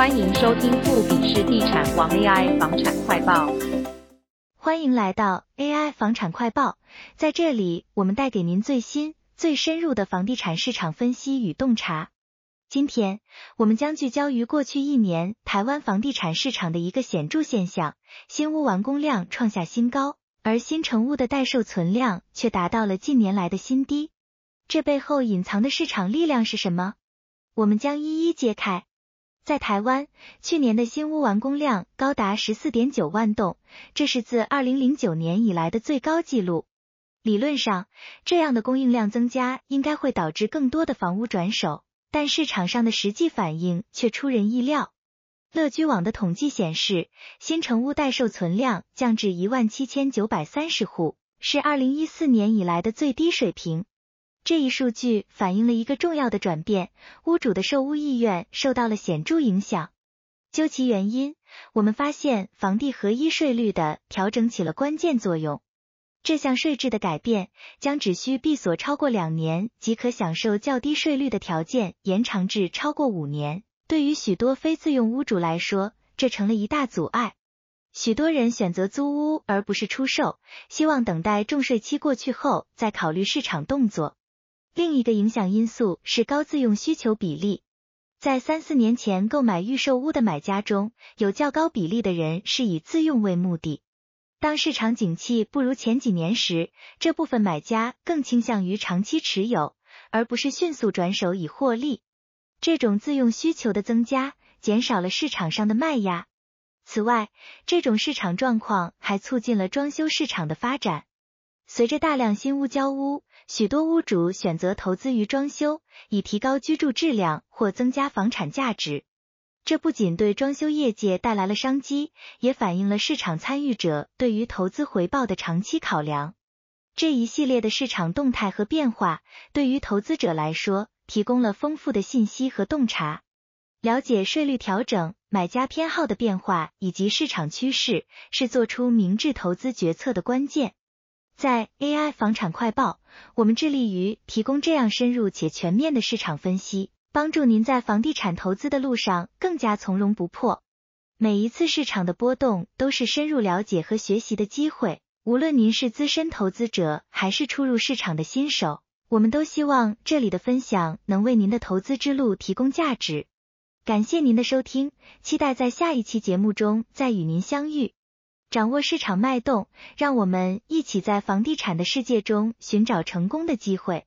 歡迎收聽富比士地產王 AI 房產快報。歡迎來到 AI 房產快報，在這裡我們帶給您最新、最深入的房地產市場分析與洞察。今天，我們將聚焦於過去一年台灣房地產市場的一個顯著現象：新屋完工量創下新高，而新成屋的待售存量卻達到了近年來的新低。這背後隱藏的市場力量是什麼？我們將一一揭開。在台灣，去年的新屋完工量高達十四點九萬棟，這是自二零零九年以來的最高紀錄。理論上，這樣的供應量增加應該會導致更多的房屋轉手，但市場上的實際反應卻出人意料。樂居網的統計顯示，新成屋待售存量降至一萬七千九百三十戶，是二零一四年以來的最低水平。這一數據反映了一個重要的轉變：屋主的售屋意願受到了顯著影響。究其原因，我們發現房地合一稅率的調整起了關鍵作用。這項稅制的改變將只需閉鎖超過兩年即可享受較低稅率的條件延長至超過五年，對於許多非自用屋主來說，這成了一大阻礙。許多人選擇租屋而不是出售，希望等待重稅期過去後再考慮市場動作。另一個影響因素是高自用需求比例。在三四年前購買預售屋的買家中，有較高比例的人是以自用為目的。當市場景氣不如前幾年時，這部分買家更傾向於長期持有，而不是迅速轉手以獲利。這種自用需求的增加，減少了市場上的賣壓。此外，這種市場狀況還促進了裝修市場的發展。隨着大量新屋交屋，許多屋主選擇投資於裝修，以提高居住質量或增加房產價值。這不僅對裝修業界帶來了商機，也反映了市場參與者對於投資回報的長期考量。這一系列的市場動態和變化，對於投資者來說提供了豐富的信息和洞察。了解稅率調整、買家偏好的變化以及市場趨勢，是做出明智投資決策的關鍵。在 AI 房產快報，我們致力於提供這樣深入且全面的市場分析，幫助您在房地產投資的路上更加從容不迫。每一次市場的波動都是深入了解和學習的機會，無論您是資深投資者還是初入市場的新手，我們都希望這裡的分享能為您的投資之路提供價值。感謝您的收聽，期待在下一期節目中再與您相遇。掌握市場脈動，讓我們一起在房地產的世界中尋找成功的機會。